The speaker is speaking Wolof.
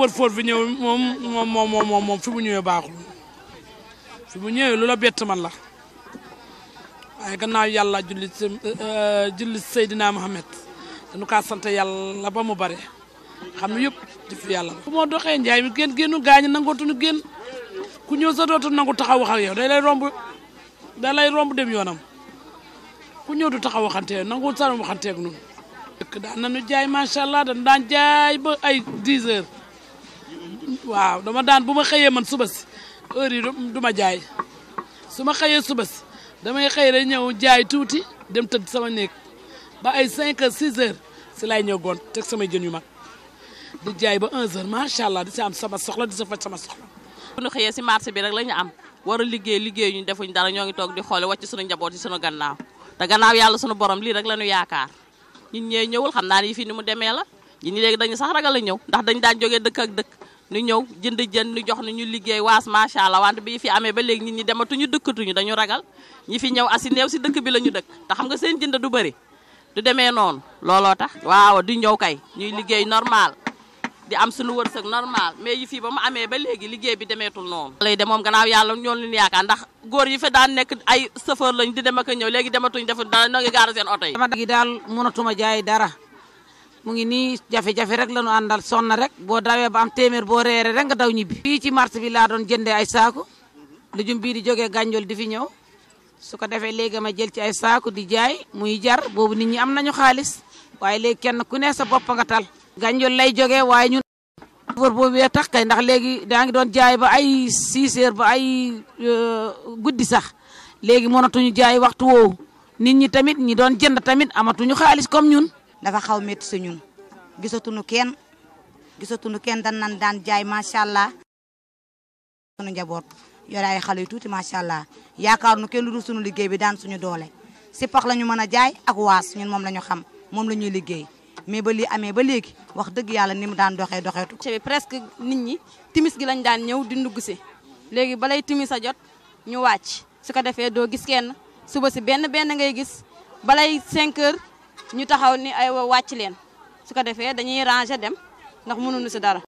Uber Ford bi ñëw moom moom moom moom fi mu ñëwee baaxul fi mu ñëwee lu la bett man la waaye gannaaw yàlla julli euh, julli Seydina Mohamed dañu kaa sant yàlla ba mu bare xam ne yëpp yàlla la. bu moo doxee njaay mi génn génnu gaañ nangootuñu génn ku ñëw sa dootu nangu taxaw wax ak yow day lay romb day lay romb dem yoonam ku ñëw du taxaw waxante yow nanguwul sa waxanteeg noonu. dëkk daan nañu jaay macha allah dañu daan jaay ba ay 10 heures. waaw dama daan bu ma xëyee man suba si heure yi du ma jaay su ma xëyee suba si damay xëy rek ñëw jaay tuuti dem tëdd sama néeg ba ay 5 heures si laay ñëw gont teg samay jën yu mag di jaay ba 1 heure macha allah di si am sama soxla di sa faj sama soxla. bu ñu xëyee si marché bi rek la am war a liggéey ñu defuñ dara ñoo ngi toog di wàcc suñu njaboot yi suñu gannaaw te gannaaw yàlla sunu borom lii rek la ñu yaakaar ñun ñee ñëwul xam naa ne yi fii ni mu demee la ñi ñi léegi dañu sax ragal a ñëw ndax dañ daan jógee dëkk ak dëkk nu ñëw jënd jënd nu jox nu ñu liggéey waas macha allah wante bi fi amee ba léegi nit ñi dematuñu dëkkatuñu dañu ragal ñi fi ñëw asi néew si dëkk bi la ñu dëkk te xam nga seen jënd du bëri du demee noonu looloo tax waaw di ñëw kay ñuy liggéey normal di am suñu wërsëg normal mais yi fi ba mu amee ba léegi liggéey bi demeetul noonu lay de moom gannaaw yàlla ñoo leen yaakaar ndax góor yi fa daan nekk ay chauffeur lañ di dem ak a ñëw léegi dematuñ defu dara na ngi gaara oto yi dama gi daal mënatuma jaay dara mu ngi nii jafe-jafe rek la ñu àndal sonna rek boo dawee ba am téeméer boo reere rek nga daw ñibbi. fii ci marché bi laa doon jëndee ay saako lujum bii di jógee gànjol di fi ñëw su ko defee léegi ma jël ci ay saako di jaay muy jar boobu nit ñi am nañu xaalis waaye léegi kenn ku ne sa bopp nga tal. gànjol lay joge waaye ñun. wër boobu wee tax kay ndax léegi daa ngi doon jaay ba ay 6 ba ay euh, guddi sax léegi mënatuñu jaay waxtu woowu nit ñi tamit ñi doon jënd tamit amatuñu xaalis comme ñun. dafa xaw met si ñun gisatuñu kenn gisatuñu kenn dan nan dan jaay sha allah. suñu njaboot yore ay xale yu tuuti macha allah yaakaar nu kenn lu dul sunu liggéey bi daan suñu doole ci pax lañu mëna jaay ak waas ñun mom lañu xam mom lañu liggey mais ba li amé ba légui wax dëgg yalla nimu doxé doxé tu ci presque nit ñi timis gi lañ daan ñew di ndugg ci légui balay timis a jot ñu wacc su ko defee gis kenn suba ci benn benn ngay gis balay 5 heures ñu taxaw ni ay wàcc leen su ko defee dañuy ranger dem ndax mënuñu si dara